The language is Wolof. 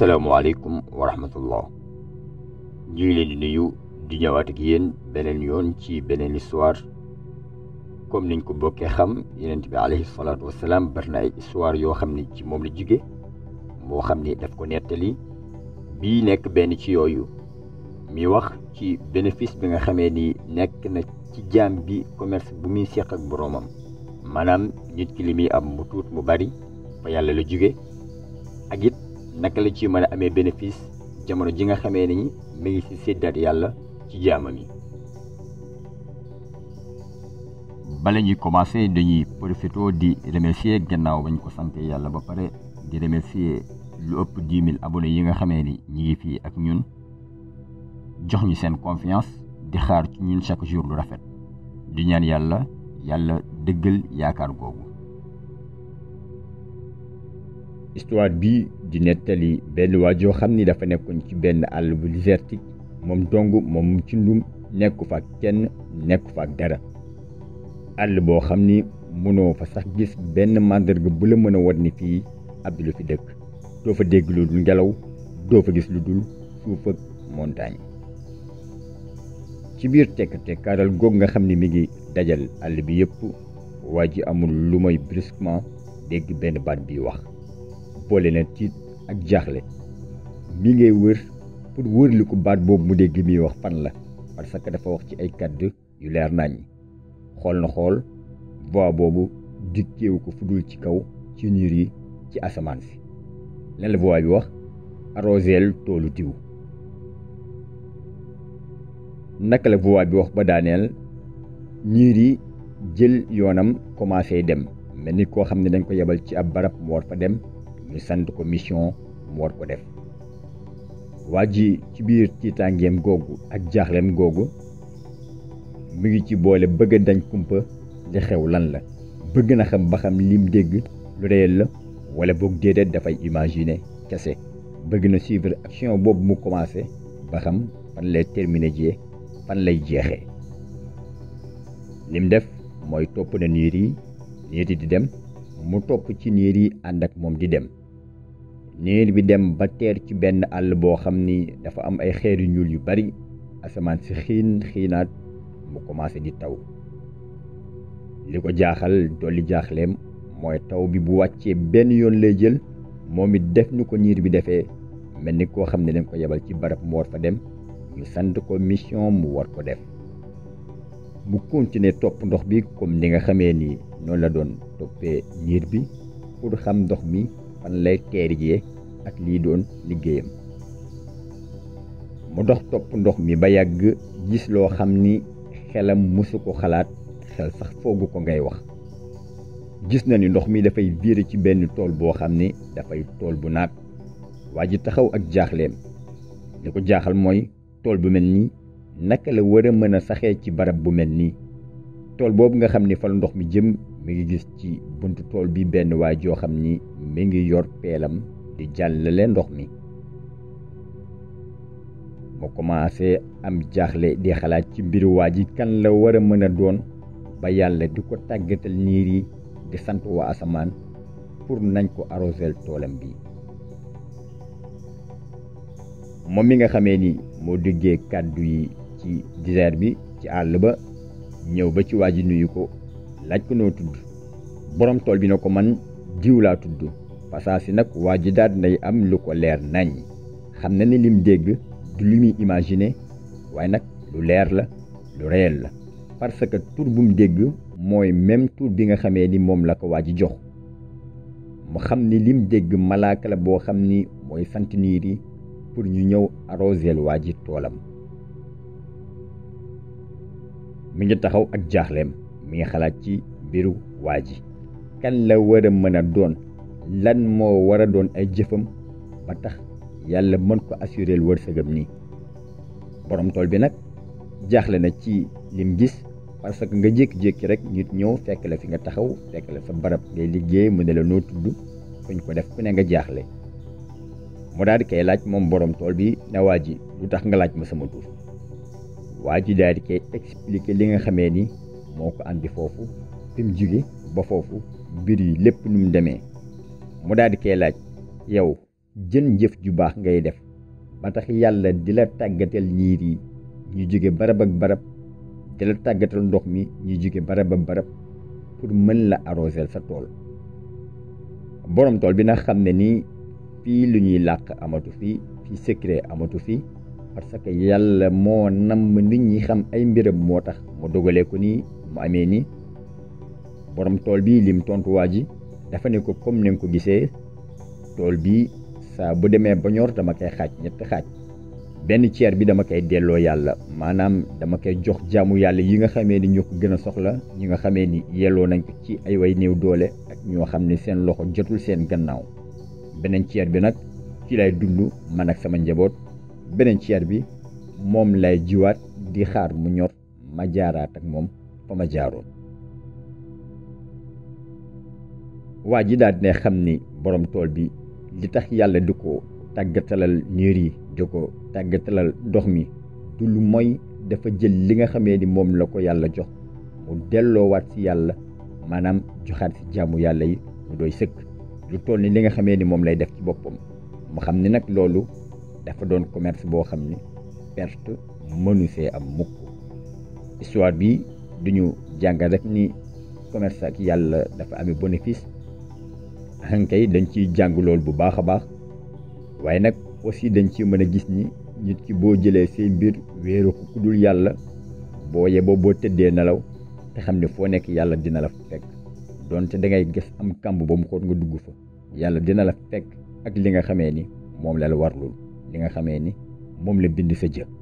Assalamualaikum warahmatullah. rahmatullah ñu di nuyu di ñëwaat ak yéen beneen yoon ci benen histoire comme niñ ko bokkee xam alayhi salatu wassalam histoire ni ci mom la Mo ni daf ko netali Bi nek ben ci yooyu mi wax ci bénéfice bi nga xamee ni nek na ci jaam bi commerce bu muy seq ak boromam Manam nit ki limi am mu mu bari fa yalla la Agit naka la ci mën amee bénéfice jamono ji nga xamee ni mi ngi ci séddaat yàlla ci jaamam yi bala ñuy commencé dañuy profité di remercier gannaaw bañ ko sant yàlla ba pare di remercier lu ëpp dix mille abonnés yi nga xamee ni ñi ngi fii ak ñun jox ñu seen confiance di xaar ci ñun chaque jour lu rafet di ñaan yàlla yàlla dëggal yaakaar googu histoire bi di nettali benn waa yoo xam ni dafa nekkoon ci benn àll bu désertique moom dong moom ci ndum nekku fa kenn nekku fa dara àll boo xam ni mënoo fa sax gis benn màndarga bu la mën a war ni fii ab lu fi dëkk doo fa dégg lu dul ngelaw doo fa gis lu dul suuf ak montagne ci biir tekk tekkaaral goog nga xam ni mi ngi dajal àll bi yépp waa ji amul lu mooy brusquement dégg benn baat bi wax boole na tiit ak jaaxle mi ngay wër pour wërliku baat boobu mu dégg muy wax fan la parce que dafa wax ci ay kàdd yu leer nañ xool na xool voix boobu dikkeewu ko fudul ci kaw ci niir yi ci asamaan si lan la voix bi wax arroseel toolu diw naka la voix bi wax ba daaneel ñiir yi jël yoonam commencé dem mel ni koo xam ne dañ ko yebal ci ab barab mu fa dem ñu sant ko mission mu war ko def waa ji ci biir tiitaangeem googu ak jaaxleem googu mi ngi ci boole bëgg dañ kumpa li xew lan la bëgg na xam ba xam lim dégg lu réel la wala boog déedéet dafay imaginer kese bëgg na suivre action boobu mu commencé ba xam fan lay terminer jee fan lay jeexee lim def mooy topp na niir yi niir di dem mu topp ci niir yi ànd ak moom di dem ñeel bi dem ba teer ci benn àll boo xam ni dafa am ay xeer yu ñuul yu bari asamaan si xiin xiinaat mu commencé di taw li ko jaaxal dolli jaaxleem mooy taw bi bu wàccee benn yoon lay jël moom it def ni ko niir bi defee mel ni koo xam ne dañ ko yebal ci barab mu war fa dem ñu sant ko mission mu war ko def mu continuer topp ndox bi comme ni nga xamee nii noonu la doon toppee niir bi pour xam ndox mi fan lay keriyee ak lii doon liggéeyam mu dox topp ndox mi ba yàgg gis loo xam ni xelam mësu ko xalaat xel sax foogu ko ngay wax gis na ni ndox mi dafay viré ci benn tool boo xam ni dafay tool bu naat waa ji taxaw ak jaaxleem li ko jaaxal mooy tool bu mel nii naka la war a mën a saxee ci barab bu mel nii tool boobu nga xam ni fa la mi jëm mi ngi gis ci buntu tool bi benn waa joo xam ni mi ngi yor peelam di jàllale ndox mi mu commencé am jaaxle di xalaat ci mbiru waa kan la war a mën a doon ba yàlla di ko tàggatal niir yi di sant waa asamaan pour nañ ko arrosel toolam bi moom mi nga xamee ni moo duggee kàddu yi ci désert bi ci àll ñëw ba ci waa ji nuyu ko laaj ko noo tudd borom tool bi na ko man diw laa tudd passage si nag waa ji daal nay am lu ko leer nañ xam na ne lim dégg du li muy imaginer waaye nag lu leer la lu réel la parce que tur bu mu dégg mooy même tur bi nga xamee ni moom la ko waa ji jox mu xam ni lim dégg malaaka la boo xam ni mooy sant niir yi pour ñu ñëw arroseel waa ji toolam mi ngi taxaw ak jaaxleem mi ngi xalaat ci mbiru waa ji kenn la war a mën a doon lan moo war a doon ay jëfam ba tax yàlla mën ko assuréel wërsëgam nii borom tool bi nag jaaxle na ci lim gis parce que nga jékki-jékki rek nit ñëw fekk la fi nga taxaw fekk la sa barab ngay liggéey mu ne la noo tudd fuñ ko def ku ne nga jaaxle mu daal di koy laaj moom borom tool bi ne waa ji lu tax nga laaj ma sama tur waa ji daal di koy expliquer li nga xamee ni moo ko andi foofu fi mu jóge ba foofu mbir yi lépp nu mu demee mu daal di koy laaj yow jën jëf ju baax ngay def ba tax yàlla di la tàggatal niir yi ñu jóge barab ak barab di la tàggatal ndox mi ñu jóge barab ak barab pour mën la arroser sa tool borom tool bi nag xam ne nii fii lu ñuy làq amatu fi fii secret amatu fi parce que yàlla moo namm nit ñi xam ay mbiram moo tax mu dogalee ko nii mu amee nii boroom tool bii lim tontuwaa ji dafa ne ko comme ni nga ko gisee tool bi saa bu demee ba ñor dama koy xaaj ñetti xaaj benn ceer bi dama koy delloo yàlla maanaam dama koy jox jaamu yàlla yi nga xamee ni ñu ko gën a soxla ñi nga xamee ni yelloo nañ ko ci ay way néew doole ak ñoo xam ne seen loxo jotul seen gannaaw beneen ceer bi nag ci lay dund man ak sama njaboot beneen ceer bi moom lay jiwaat di xaar mu ñor ma jaaraat ak moom fa ma jaaroon waa ji daal dina xam ni borom tool bi li tax yàlla di ko tàggatalal niir yi di ko tàggatalal ndox mi du lu mooy dafa jël li nga xamee ni moom la ko yàlla jox mu delloowaat ci yàlla maanaam joxaat ci jaamu yàlla yi mu doy sëkk lu toll ni li nga xamee ni moom lay def ci boppam mu xam ni nag loolu dafa doon commerce boo xam ni perte mënu see am mukk histoire bi duñu jàngal rek ni commerce ak yàlla dafa amee bénéfice xankay dañ ciy jàng lool bu baax a baax waaye nag aussi dañ ci mën a gis ni nit ki boo jëlee say mbir wéeru ko ku dul yàlla boo yeboo boo tëddee nelaw te xam ne foo nekk yàlla dina la fekk donte da ngay gis am kàmb ba mu xoot nga dugg fa yàlla dina la fekk ak li nga xamee ni moom la la warlul li nga ni moom la bind sa jë